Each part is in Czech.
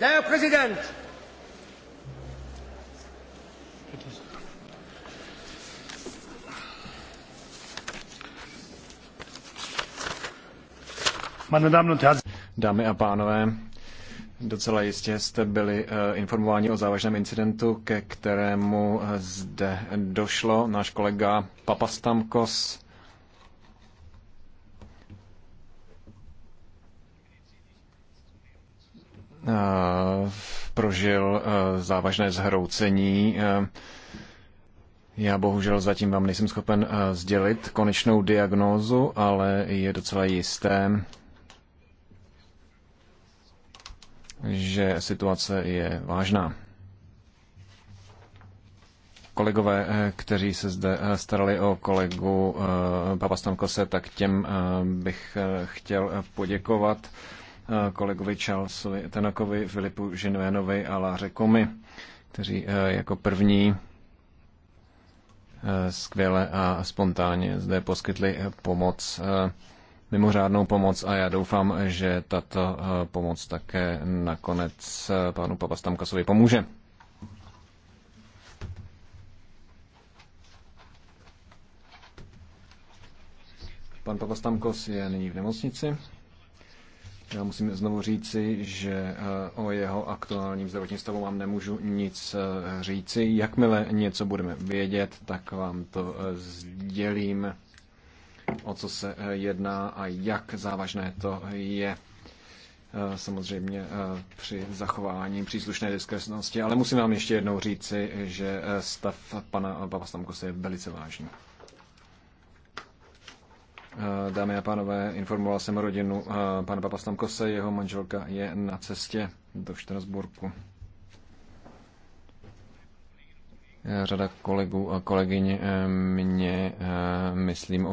Der Präsident! Dámy a pánové, docela jistě jste byli eh, informováni o závažném incidentu, ke kterému eh, zde došlo. Náš kolega Papastamkos Eh, prožil eh, závažné zhroucení. Eh, já bohužel zatím vám nejsem schopen sdělit konečnou diagnózu, ale je docela jisté, že situace je vážná. Kolegové, kteří se zde starali o kolegu Papa Stankose, tak těm bych chtěl poděkovat kolegovi Charlesovi Tenakovi, Filipu Žinvénovi a Láře Komi, kteří eh, jako první eh, skvěle a spontánně zde poskytli eh, pomoc, mimořádnou pomoc a já doufám, že tato pomoc také nakonec panu Papastamkasovi pomůže. Pan Papastamkos je nyní v nemocnici. Já musím znovu říci, že eh, o jeho aktuálním zdravotním stavu vám nemůžu nic eh, říci. Jakmile něco budeme vědět, tak vám to eh, sdělím, o co se jedná a jak závažné to je. Samozřejmě při zachování příslušné diskresnosti, ale musím vám ještě jednou říci, že stav pana Papastamkose je velice vážný. Eh, dámy a pánové, informoval jsem rodinu eh, pana Stamkose, jeho manželka je na cestě do Štrasburku. Eh, řada kolegů a kolegyň mě, myslím,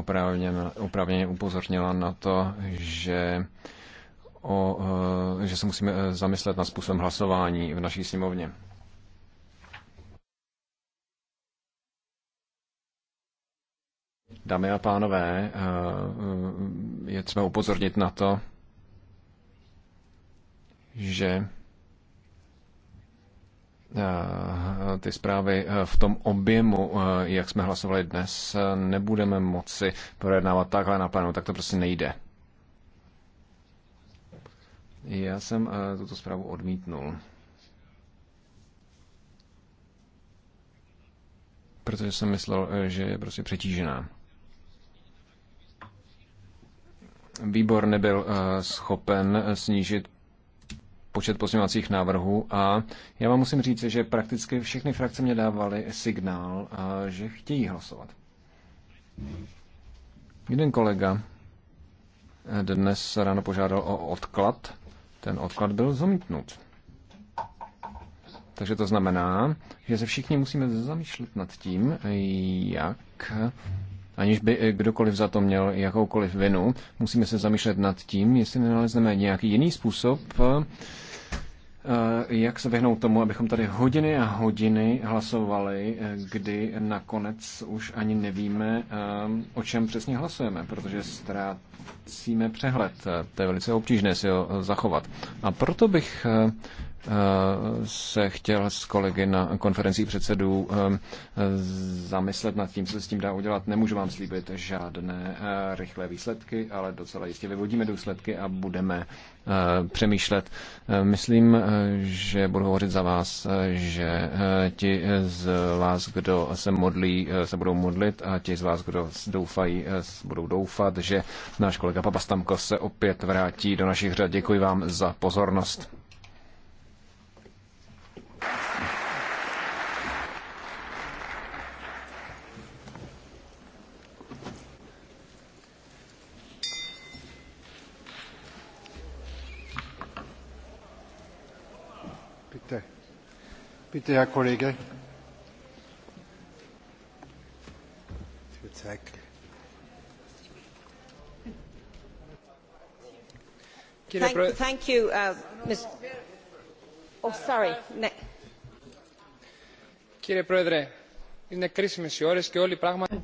oprávněně, upozornila na to, že, o, že se musíme zamyslet na způsobem hlasování v naší sněmovně. Dámy a pánové, eh, je třeba upozornit na to, že eh, ty zprávy eh, v tom objemu, jak jsme hlasovali dnes, nebudeme moci projednávat takhle na plénu, tak to prostě nejde. Já jsem tuto zprávu odmítnul. Protože jsem myslel, že je prostě přetížená. výbor nebyl eh, schopen snížit počet pozměňovacích návrhů a já vám musím říct, že prakticky všechny frakce mě dávaly signál, eh, že chtějí hlasovat. Jeden kolega eh, dnes ráno požádal o odklad. Ten odklad byl zamítnut. Takže to znamená, že se všichni musíme zamýšlet nad tím, jak aniž by kdokoliv za to měl jakoukoliv vinu, musíme se zamýšlet nad tím, jestli nenalezneme nějaký jiný způsob, eh, jak se vyhnout tomu, abychom tady hodiny a hodiny hlasovali, eh, kdy nakonec už ani nevíme, eh, o čem přesně hlasujeme, protože ztrácíme přehled. To je velice obtížné si ho zachovat. A proto bych se chtěl s kolegy na konferenci předsedů eh, zamyslet nad tím, co se s tím dá udělat. Nemůžu vám slíbit žádné eh, rychlé výsledky, ale docela jistě vyvodíme důsledky a budeme eh, přemýšlet. Myslím, že budu hovořit za vás, že ti z vás, kdo se modlí, se budou modlit a ti z vás, kdo doufají, budou doufat, že náš kolega Papastamko se opět vrátí do našich řad. Děkuji vám za pozornost. Der Kollege. Thank, thank you, uh, Ms. Oh, sorry. Ne.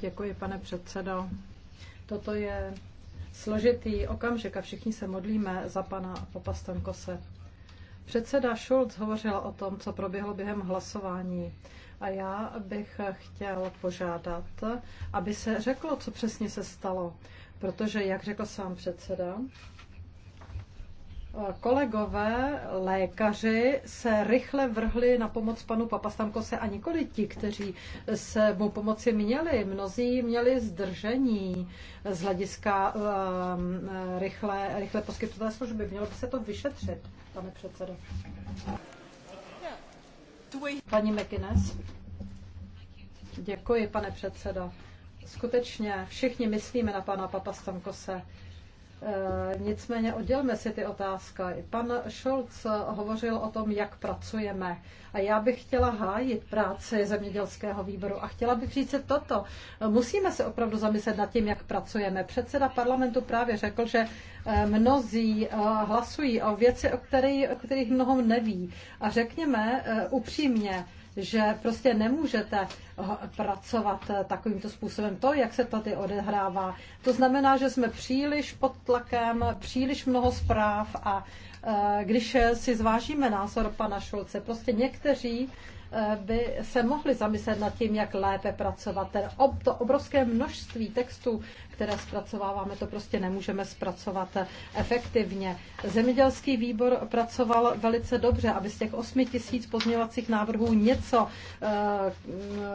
Děkuji, pane předsedo. Toto je složitý okamžik a všichni se modlíme za pana Papastankose. Předseda Schulz hovořil o tom, co proběhlo během hlasování. A já bych chtěl požádat, aby se řeklo, co přesně se stalo. Protože, jak řekl sám předseda, Kolegové, lékaři se rychle vrhli na pomoc panu Papastamkose a nikoli ti, kteří se mu pomoci měli. Mnozí měli zdržení z hlediska um, ehm, rychle, rychle poskytové služby. Mělo by se to vyšetřit, pane předsedo. Paní McInnes. Děkuji, pane předsedo. Skutečně všichni myslíme na pana Papastamkose. Eh, nicméně oddělme si ty otázky. Pan Scholz hovořil o tom, jak pracujeme. A já bych chtěla hájit práci zemědělského výboru a chtěla bych říct toto. Musíme se opravdu zamyslet nad tím, jak pracujeme. Předseda parlamentu právě řekl, že eh, mnozí eh, hlasují o věci, o kterých, o kterých mnoho neví. A řekněme upřímně, že prostě nemůžete pracovat eh, takovýmto způsobem. To, jak se tady odehrává, to znamená, že jsme příliš pod tlakem, příliš mnoho zpráv a eh, když si zvážíme názor pana Šulce, prostě někteří Eh, by se mohli zamyslet nad tím, jak lépe pracovat. Ten, to obrovské množství textů, které zpracováváme, to prostě nemůžeme zpracovat efektivně. Zemědělský výbor pracoval velice dobře, aby z těch 8 tisíc pozměvacích návrhů něco eh,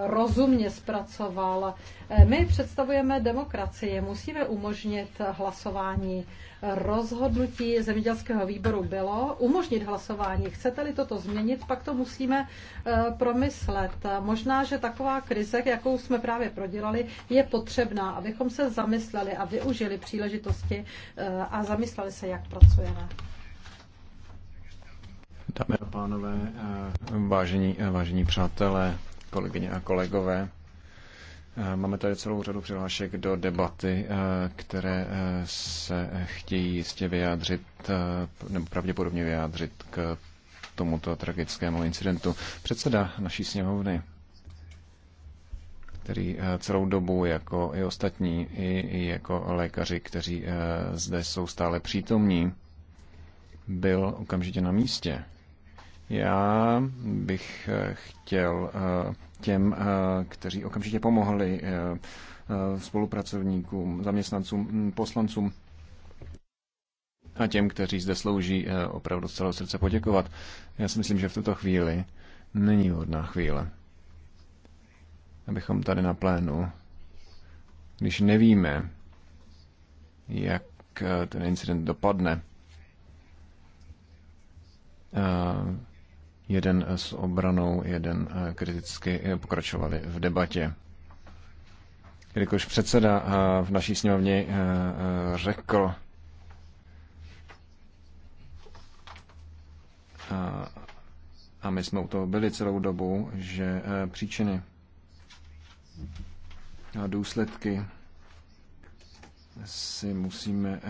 rozumně zpracoval. Eh, my představujeme demokracii, musíme umožnit hlasování rozhodnutí zemědělského výboru bylo umožnit hlasování. Chcete-li toto změnit, pak to musíme eh, promyslet. Možná, že taková krize, jakou jsme právě prodělali, je potřebná, abychom se zamysleli a využili příležitosti eh, a zamysleli se, jak pracujeme. Dámy a pánové, eh, vážení, vážení přátelé, kolegyně a kolegové, Eh, máme tady celou řadu přihlášek do debaty, eh, které eh, se chtějí jistě vyjádřit, nebo pravděpodobně vyjádřit k tomuto tragickému incidentu. Předseda naší sněmovny, který celou dobu, jako i ostatní, i jako lékaři, kteří zde jsou stále přítomní, byl okamžitě na místě. Já bych eh, chtěl eh, těm, eh, kteří okamžitě pomohli spolupracovníkům, zaměstnancům, hm, poslancům a těm, kteří zde slouží, opravdu z celého srdce poděkovat. Já si myslím, že v tuto chvíli není hodná chvíle, abychom tady na plénu, když nevíme, jak ten incident dopadne, jeden s obranou, jeden eh, kriticky eh, pokračovali v debatě. Jelikož předseda eh, v naší sněmovně řekl, a my jsme u toho byli celou dobu, že příčiny a důsledky si musíme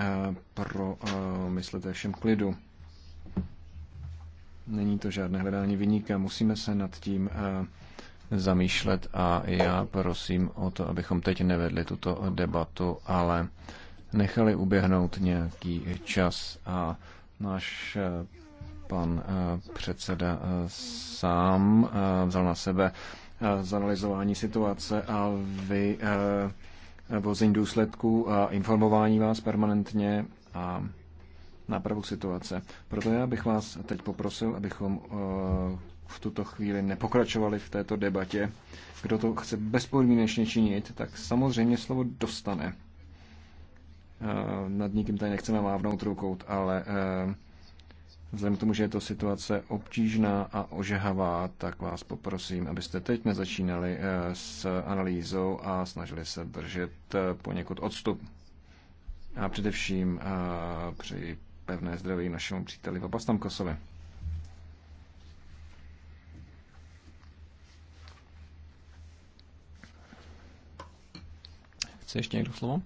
promyslet ve všem klidu. Není to žádné hledání vyníka, musíme se nad tím eh, zamýšlet a já prosím o to, abychom teď nevedli tuto debatu, ale nechali uběhnout nějaký čas a náš eh, pan eh, předseda sám vzal na sebe zanalizování situace a vy vození důsledků a informování vás permanentně a nápravu situace. Proto já bych vás teď poprosil, abychom eh, v tuto chvíli nepokračovali v této debatě. Kdo to chce bezpodmínečně činit, tak samozřejmě slovo dostane. Eh, nad nikým tady nechceme mávnout rukou, ale eh, vzhledem k tomu, že je to situace obtížná a ožehavá, tak vás poprosím, abyste teď nezačínali s analýzou a snažili se držet poněkud odstup. A především při pevné zdraví našemu příteli v opastom Kosově. Chce ještě někdo slovo?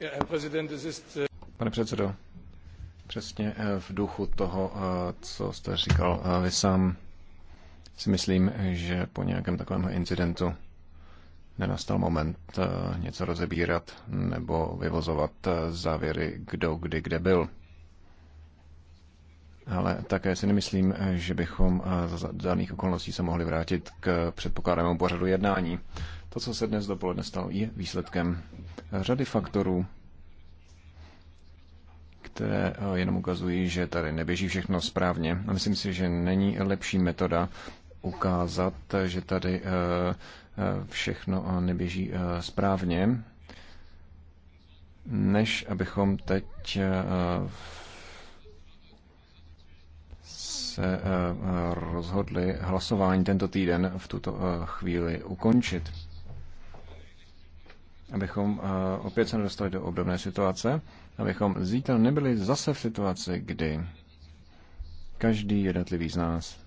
Äh Pane předsedo, Přesně eh, v duchu toho, eh, co jste říkal eh, vy sám, si myslím, že po nějakém takovém incidentu nenastal moment něco rozebírat nebo vyvozovat závěry, kdo kdy kde byl. Ale také si nemyslím, že bychom za daných okolností se mohli vrátit k předpokládanému pořadu jednání. To, co se dnes dopoledne stalo, je výsledkem řady faktorů, které eh, jenom ukazují, že tady neběží všechno správně. A myslím si, že není lepší metoda ukázat, že tady eh, eh, všechno neběží správně, než abychom teď se rozhodli hlasování tento týden v tuto chvíli ukončit abychom eh, opět se nedostali do obdobné situace, abychom zítra nebyli zase v situaci, kdy každý jednotlivý z nás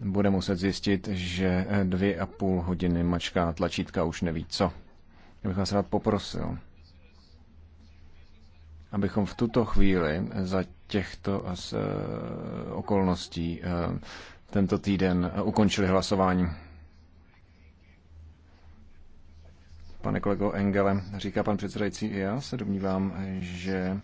bude muset zjistit, že eh, dvě a půl hodiny mačká tlačítka už neví co. Já bych vás rád poprosil, abychom v tuto chvíli za těchto eh, okolností tento týden ukončili hlasování. pane kolego Engele, říká pan předsedající, já se domnívám, že